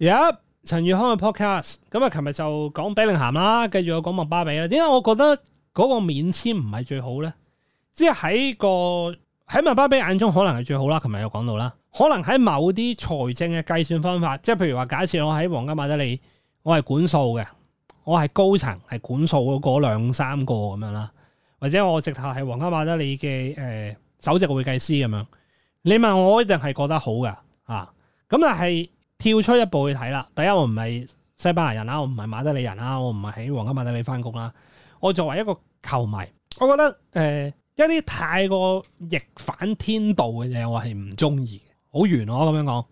而、yep, 陳陳宇康嘅 podcast，咁啊，琴日就講俾令涵啦，繼續我講麥巴比啦。點解我覺得嗰個免簽唔係最好咧？即係喺個喺麥巴比眼中可能係最好啦。琴日又講到啦，可能喺某啲財政嘅計算方法，即係譬如話假設我喺皇家馬德里，我係管數嘅，我係高層，係管數嗰兩三個咁樣啦，或者我直頭係皇家馬德里嘅誒首席會計師咁樣，你問我一定係覺得好噶啊？咁但係。跳出一步去睇啦！第一，我唔係西班牙人啦，我唔係馬德里人啦，我唔係喺皇家馬德里翻工啦。我作為一個球迷，我覺得誒、呃，一啲太過逆反天道嘅嘢，啊，我係唔中意，好圓我咁樣講。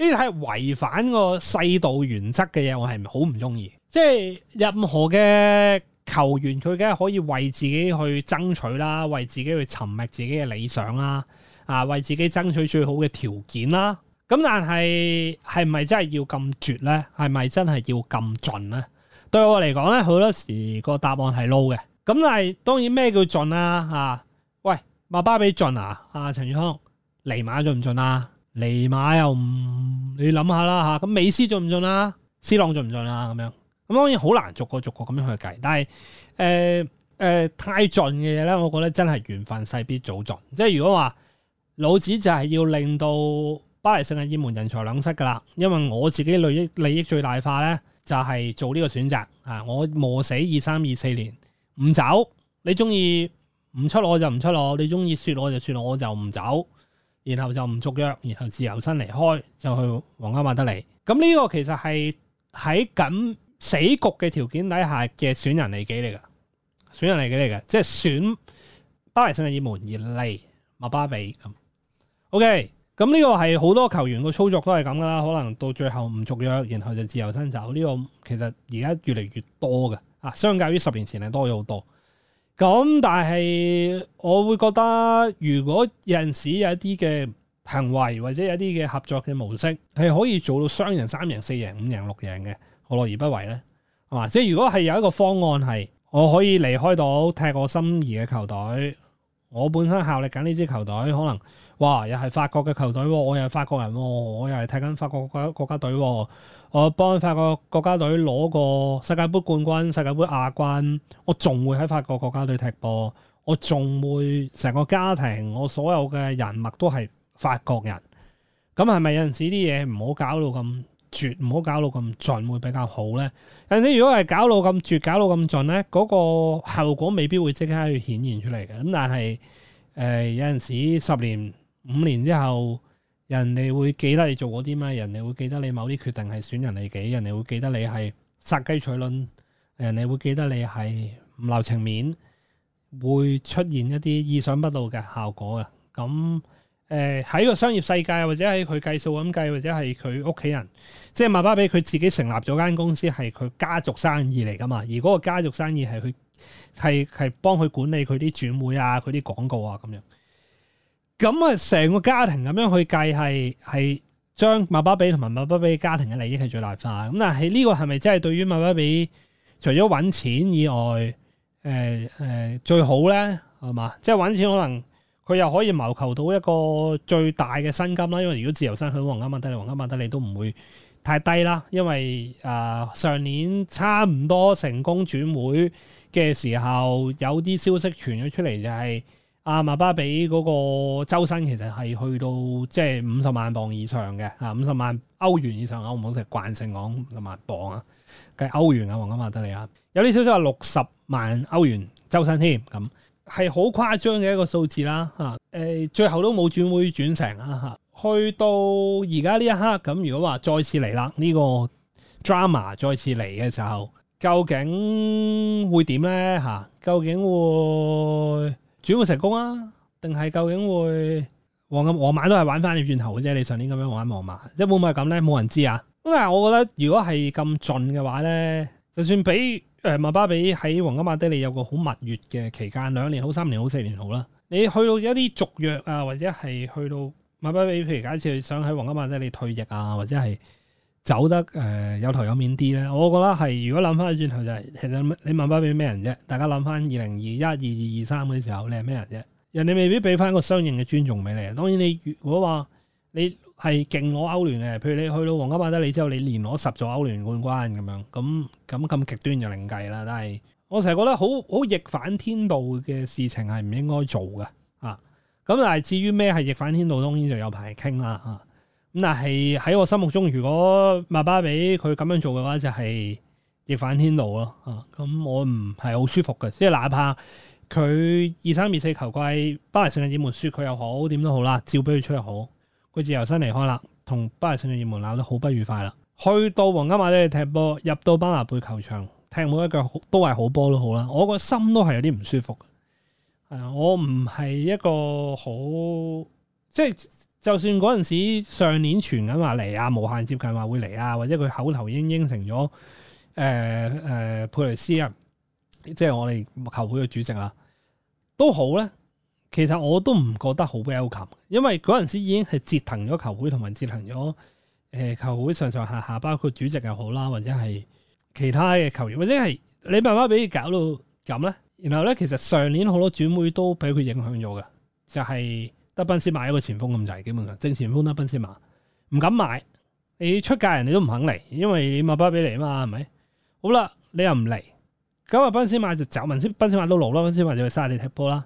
呢啲係違反個世道原則嘅嘢，我係好唔中意。即係任何嘅球員，佢梗係可以為自己去爭取啦，為自己去尋覓自己嘅理想啦，啊，為自己爭取最好嘅條件啦。咁但係係咪真係要咁絕咧？係咪真係要咁盡咧？對我嚟講咧，好多時個答案係 low 嘅。咁但係當然咩叫盡啊？吓、啊，喂，麥巴比盡啊？啊，陳宇康，尼馬盡唔盡啊？尼馬又唔你諗下啦吓。咁、啊、美斯盡唔盡啦？C 朗盡唔盡啦？咁樣咁當然好難逐個逐個咁樣去計。但係誒誒太盡嘅嘢咧，我覺得真係緣分勢必早盡。即、就、係、是、如果話老子就係要令到。巴黎聖日耳門人才兩失噶啦因為我自己利益利益最大化咧，就係、是、做呢個選擇啊！我磨死二三二四年唔走，你中意唔出我就唔出我，你中意說我就說我就唔走，然後就唔續約，然後自由身離開，就去皇家馬德里。咁呢個其實係喺咁死局嘅條件底下嘅損人利己嚟噶，損人利己嚟嘅，即係選巴黎聖日耳門而利馬巴比咁。O、嗯、K。OK，咁呢個係好多球員個操作都係咁噶啦，可能到最後唔續約，然後就自由身走。呢、這個其實而家越嚟越多嘅，啊，相較於十年前係多咗好多。咁但係我會覺得，如果有陣時有一啲嘅行為或者有一啲嘅合作嘅模式，係可以做到雙贏、三贏、四贏、五贏、六贏嘅，何樂而不為呢，係、啊、嘛？即係如果係有一個方案係，我可以離開到踢我心儀嘅球隊，我本身效力緊呢支球隊，可能。哇！又係法國嘅球隊喎，我又係法國人喎，我又係踢緊法國國家隊喎。我幫法國國家隊攞個世界盃冠軍、世界盃亞軍，我仲會喺法國國家隊踢波，我仲會成個家庭，我所有嘅人脈都係法國人。咁係咪有陣時啲嘢唔好搞到咁絕，唔好搞到咁盡會比較好呢？有陣時如果係搞到咁絕、搞到咁盡呢，嗰、嗰個後果未必會即刻去顯現出嚟嘅。咁但係、呃、有陣時十年。五年之後，人哋會記得你做嗰啲咩？人哋會記得你某啲決定係損人利己，人哋會記得你係殺雞取卵，人哋會記得你係唔留情面，會出現一啲意想不到嘅效果嘅。咁誒喺個商業世界，或者喺佢計數咁計，或者係佢屋企人，即係馬爸比佢自己成立咗間公司，係佢家族生意嚟㗎嘛？而嗰個家族生意係佢係係幫佢管理佢啲轉會啊、佢啲廣告啊咁樣咁啊，成個家庭咁樣去計係係將麥巴比同埋麥巴比家庭嘅利益係最大化。咁但係呢個係咪真係對於麥巴比除咗揾錢以外，呃呃、最好咧，係嘛？即係揾錢可能佢又可以謀求到一個最大嘅薪金啦。因為如果自由身去皇家馬德里、皇家馬德里你都唔會太低啦。因為誒、呃、上年差唔多成功轉會嘅時候，有啲消息傳咗出嚟就係、是。阿馬巴比嗰個周身其實係去到即係五十萬磅以上嘅，五十萬歐元以上啊！我唔好食慣性講五十萬磅啊，計歐元啊，黃金馬德利啊，有啲少少話六十萬歐元周身添，咁係好誇張嘅一個數字啦、啊欸，最後都冇轉會轉成啊。去到而家呢一刻咁，如果話再次嚟啦呢個 drama 再次嚟嘅時候，究竟會點咧、啊、究竟會？轉會成功啊？定係究竟會黃金皇馬都係玩翻你轉頭嘅啫？你上年咁樣玩皇馬，即係會唔會咁咧？冇人知啊！咁但係我覺得，如果係咁盡嘅話咧，就算俾誒、呃、馬巴比喺皇家馬德里有個好蜜月嘅期間，兩年好、三年好、四年好啦，你去到一啲續約啊，或者係去到馬巴比，譬如假設想喺皇家馬德里退役啊，或者係。走得誒、呃、有頭有面啲咧，我覺得係。如果諗翻轉頭就係其實你問翻俾咩人啫？大家諗翻二零二一二二二三嗰啲時候，你係咩人啫？人哋未必俾翻個相應嘅尊重俾你。當然你如果話你係勁攞歐聯嘅，譬如你去到皇家馬德里之後，你連攞十座歐聯冠軍咁樣，咁咁咁極端就另計啦。但係我成日覺得好好逆反天道嘅事情係唔應該做嘅啊！咁但係至於咩係逆反天道，當然就有排傾啦嚇。咁但係喺我心目中，如果馬巴比佢咁樣做嘅話，就係、是、逆反天道咯。啊，咁我唔係好舒服嘅。即係哪怕佢二三二四球季巴黎聖日耳門輸佢又好，點都好啦，照俾佢出又好，佢自由身離開啦，同巴黎聖日耳門鬧得好不愉快啦。去到皇家馬德里踢波，入到巴拿貝球場踢每一腳都係好波都好啦，我個心都係有啲唔舒服嘅。啊，我唔係一個好即係。就算嗰陣時上年傳緊話嚟啊，無限接近話會嚟啊，或者佢口頭已經應應承咗，誒、呃、誒、呃，佩雷斯啊，即係我哋球會嘅主席啦，都好咧。其實我都唔覺得好 welcome，因為嗰陣時已經係折騰咗球會同埋折騰咗，誒、呃，球會上上下下，包括主席又好啦，或者係其他嘅球員，或者係你慢慢俾佢搞到咁咧。然後咧，其實上年好多轉會都俾佢影響咗嘅，就係。得賓斯馬一個前鋒咁滯，基本上正前鋒得賓斯馬唔敢買，你出價人哋都唔肯嚟，因為你馬巴比嚟啊嘛，係咪？好啦，你又唔嚟，咁阿賓斯馬就走，問先，賓斯馬都老啦，賓斯馬就去沙地踢波啦。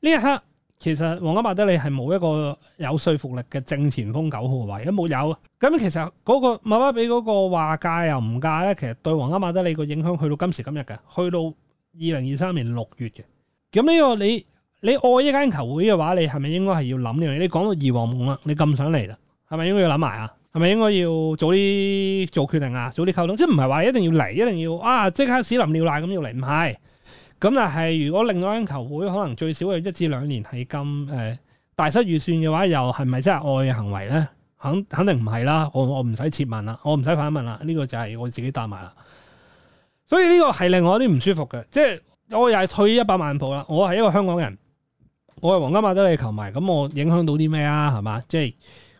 呢一刻其實皇家馬德里係冇一個有說服力嘅正前鋒九號位，都冇有。咁其實嗰個馬巴比嗰個話價又唔價咧，其實對皇家馬德里個影響去到今時今日嘅，去到二零二三年六月嘅。咁呢個你。你愛一間球會嘅話，你係咪應該係要諗呢樣嘢？你講到二王夢啦，你咁想嚟啦，係咪應該要諗埋啊？係咪應該要早啲做決定啊？早啲溝通？即係唔係話一定要嚟，一定要啊即刻屎淋尿瀨咁要嚟？唔係，咁但係如果另外一間球會可能最少有一至兩年係咁誒大失預算嘅話，又係咪真係愛嘅行為咧？肯肯定唔係啦，我我唔使設問啦，我唔使反問啦，呢個就係我自己答埋啦。所以呢個係另外一啲唔舒服嘅，即係我又係退一百萬步啦，我係一個香港人。我係皇家馬德里嘅球迷，咁我影響到啲咩啊？係嘛，即係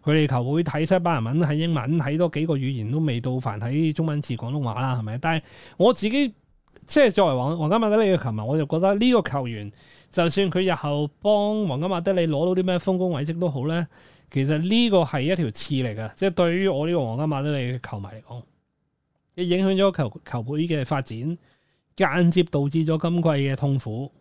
佢哋球會睇西班牙文，睇英文，睇多幾個語言都未到凡睇中文字廣東話啦，係咪？但係我自己即係作為皇皇家馬德里嘅球迷，我就覺得呢個球員就算佢日後幫皇家馬德里攞到啲咩豐功偉績都好咧，其實呢個係一條刺嚟㗎，即係對於我呢個皇家馬德里嘅球迷嚟講，你影響咗球球會嘅發展，間接導致咗今季嘅痛苦。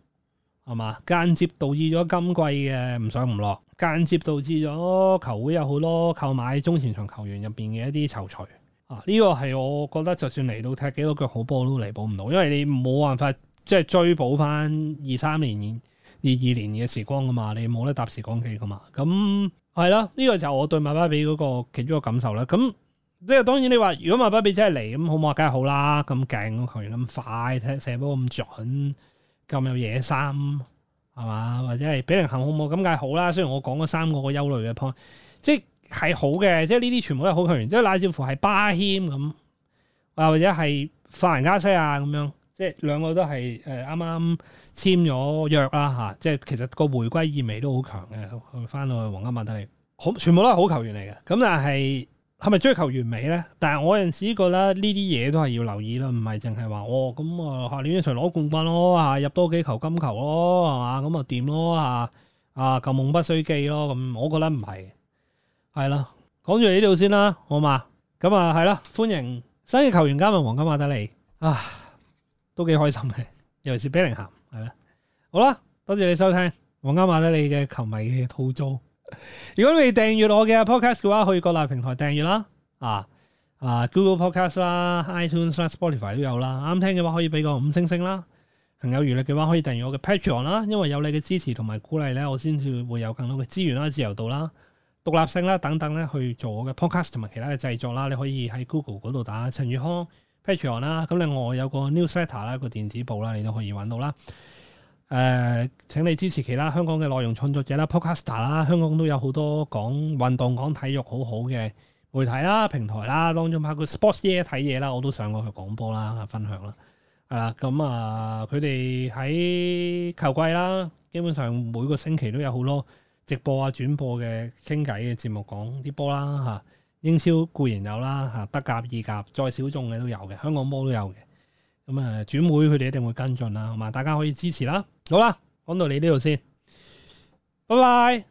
係嘛？間接導致咗今季嘅唔上唔落，間接導致咗球會有好多購買中前場球員入面嘅一啲籌碼啊！呢個係我覺得就算嚟到踢幾多腳好波都彌補唔到，因為你冇辦法即係追補翻二三年、二二年嘅時光㗎嘛，你冇得搭時光機㗎嘛。咁係啦，呢個就係我對馬巴比嗰個其中一個感受啦。咁即係當然你話如果馬巴比真係嚟咁好嘛，梗係好啦，咁勁個球員咁快，踢射波咁準。咁有野心係嘛？或者係俾人行好冇？咁梗係好啦。雖然我講嗰三個個憂慮嘅 point，即係好嘅。即係呢啲全部都係好球員，即係乃至乎係巴謙咁，或者係法蘭加西亞咁樣，即係兩個都係誒啱啱簽咗約啦嚇。即係其實個回歸意味都好強嘅，翻到去皇家馬德里，好，全部都係好球員嚟嘅。咁但係。係咪追求完美咧？但係我有陣時覺得呢啲嘢都係要留意啦，唔係淨係話哦咁啊，下年一齊攞冠軍咯，啊入多幾球金球咯，係嘛咁啊掂咯，啊啊舊夢不需記咯，咁、啊、我覺得唔係，係啦，講住呢度先啦，好嘛？咁啊係啦，歡迎新嘅球員加盟皇家馬德里，啊，都幾開心嘅，尤其是貝林漢，係啦，好啦，多謝你收聽皇家馬德里嘅球迷嘅吐槽。如果未訂閱我嘅 podcast 嘅話，可以各大平台訂閱啦。啊啊，Google Podcast 啦、iTunes 啦、Spotify 都有啦。啱聽嘅話可以俾個五星星啦。行有餘力嘅話可以訂閱我嘅 Patron 啦，因為有你嘅支持同埋鼓勵咧，我先至會有更多嘅資源啦、自由度啦、獨立性啦等等咧，去做我嘅 podcast 同埋其他嘅製作啦。你可以喺 Google 嗰度打陳宇康 Patron 啦。咁另外我有個 Newsletter 啦，個電子報啦，你都可以搵到啦。誒、呃，請你支持其他香港嘅內容創作者啦，Podcaster 啦，caster，香港都有好多講運動、講體育好好嘅媒體啦、平台啦當中，包括 Sports Year 睇嘢啦，我都上過去講波啦、分享啦，係啦，咁啊，佢哋喺球季啦，基本上每個星期都有好多直播啊、轉播嘅傾偈嘅節目講啲波啦，吓英超固然有啦，吓德甲、意甲再小眾嘅都有嘅，香港波都有嘅。咁啊，轉會佢哋一定會跟進啦，係嘛？大家可以支持啦。好啦，講到你呢度先，拜拜。